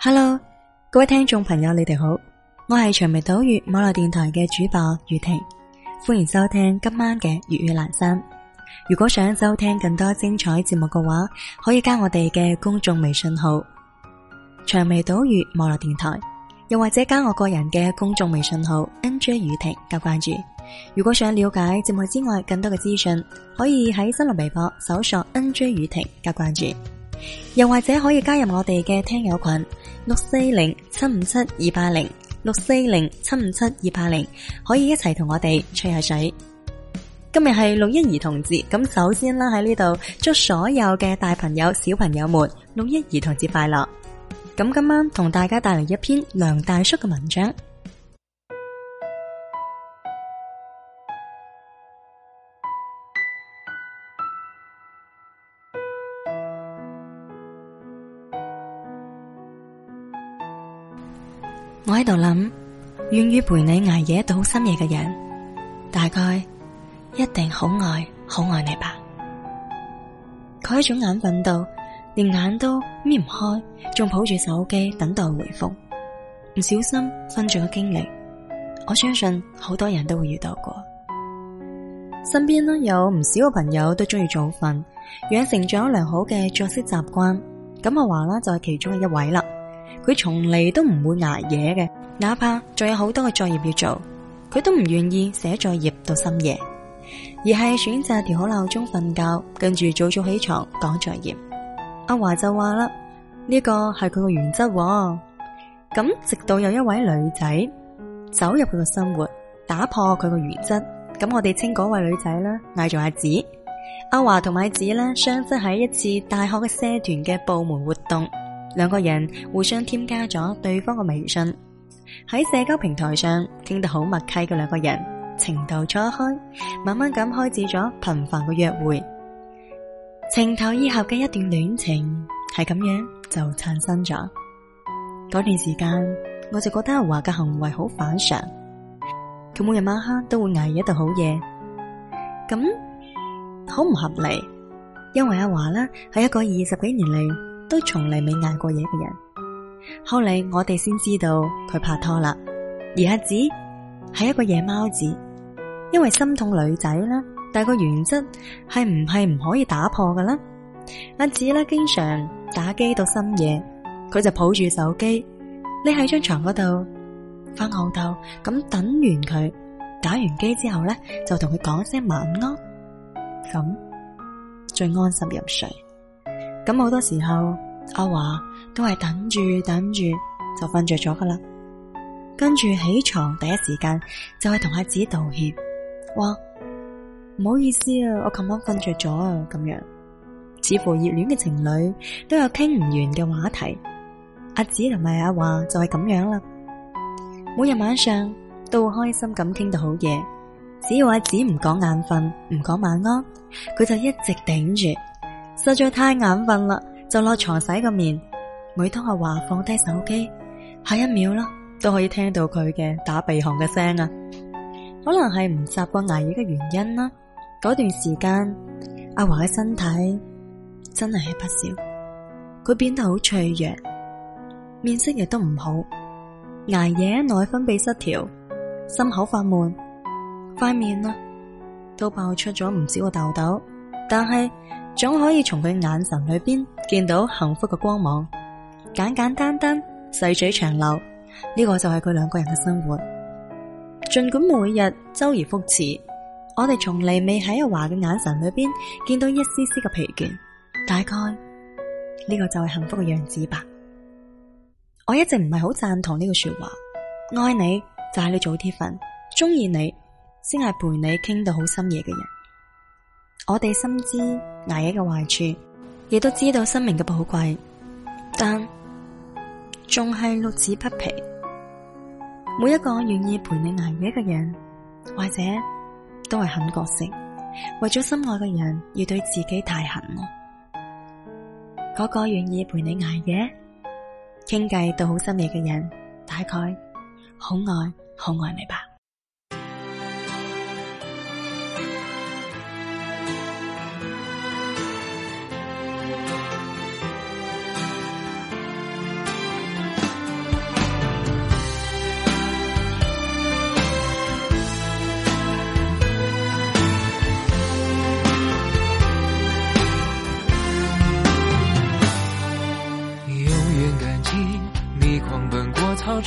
hello，各位聽眾朋友，你哋好，我係長眉島嶼網絡電台嘅主播雨婷，歡迎收聽今晚嘅粵語南山。如果想收聽更多精彩節目嘅話，可以加我哋嘅公眾微信號長眉島嶼網絡電台，又或者加我個人嘅公眾微信號 N J 雨婷加關注。如果想了解節目之外更多嘅資訊，可以喺新浪微博搜索 N J 雨婷加關注，又或者可以加入我哋嘅聽友群。六四零七五七二八零，六四零七五七二八零，80, 80，可以一齊同我哋吹下水。今日係六一兒童節，咁首先啦喺呢度祝所有嘅大朋友、小朋友們六一兒童節快樂。咁今晚同大家帶嚟一篇梁大叔嘅文章。我喺度諗，願意陪你捱夜到深夜嘅人，大概一定好愛好愛你吧。佢喺種眼瞓到，連眼都眯唔開，仲抱住手機等待回覆。唔小心瞓咗嘅經歷，我相信好多人都會遇到過。身邊呢有唔少嘅朋友都中意早瞓，養成咗良好嘅作息習慣，咁阿華啦就係、就是、其中嘅一位啦。佢從嚟都唔會挨夜嘅，哪怕仲有好多嘅作業要做，佢都唔願意寫作業到深夜，而係選擇調好鬧鐘瞓覺，跟住早早起床講作業。阿華就話啦，呢個係佢個原則哦。咁直到有一位女仔走入佢個生活，打破佢個原則，咁我哋稱嗰位女仔啦嗌做阿紫。阿華同埋紫呢相識喺一次大學嘅社團嘅部門活動。兩個人互相添加咗對方嘅微信，喺社交平台上傾得好默契嘅兩個人，情竇初開，慢慢咁開始咗頻繁嘅約會，情投意合嘅一段戀情係咁樣就產生咗。嗰段時間我就覺得阿華嘅行為好反常，佢每日晚黑都會捱夜度好夜，咁好唔合理，因為阿華呢，喺一個二十幾年嚟。都從嚟未挨過夜嘅人。後嚟我哋先知道佢拍拖啦。而阿紫係一個夜貓子，因為心痛女仔啦，但係個原則係唔係唔可以打破㗎啦？阿紫咧經常打機到深夜，佢就抱住手機，匿喺張床嗰度瞓後頭，咁等完佢打完機之後咧，就同佢講一聲晚安，咁最安心入睡。咁好多時候，阿華都係等住等住就瞓着咗噶啦。跟住起床第一時間就係同阿紫道歉，哇，唔好意思啊，我琴晚瞓着咗啊，咁樣。似乎熱戀嘅情侶都有傾唔完嘅話題，阿紫同埋阿華就係咁樣啦。每日晚上都會開心咁傾到好夜。只要阿紫唔講眼瞓唔講晚安，佢就一直頂住。實在太眼瞓啦，就落床洗個面。每當阿華放低手機，下一秒啦，都可以聽到佢嘅打鼻鼾嘅聲啊。可能係唔習慣捱夜嘅原因啦。嗰段時間，阿華嘅身體真係係不少，佢變得好脆弱，面色亦都唔好。捱夜內分泌失調，心口發悶，塊面啊都爆出咗唔少嘅痘痘。但係，總可以從佢眼神裏邊見到幸福嘅光芒，簡簡單單，單，細水長流，呢個就係佢兩個人嘅生活。盡管每日周而復始，我哋從嚟未喺阿華嘅眼神裏邊見到一絲絲嘅疲倦。大概呢個就係幸福嘅樣子吧。我一直唔係好贊同呢個說話：愛你就係你早啲瞓，中意你先係陪你傾到好深夜嘅人。我哋深知挨夜嘅壞處，亦都知道生命嘅寶貴，但仲係樂此不疲。每一個願意陪你挨夜嘅人，或者都係狠角色，為咗心愛嘅人，要對自己太狠。嗰、那個願意陪你挨，挨夜，傾偈到好深夜嘅人，大概好愛、好愛你吧。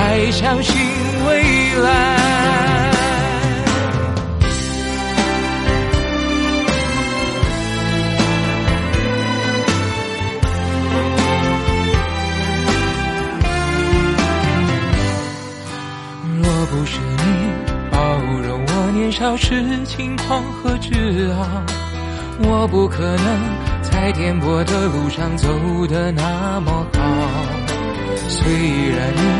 還相信未來。若不是你包容我年少時輕狂和自傲，我不可能在顛簸的路上走得那麼好。雖然。你。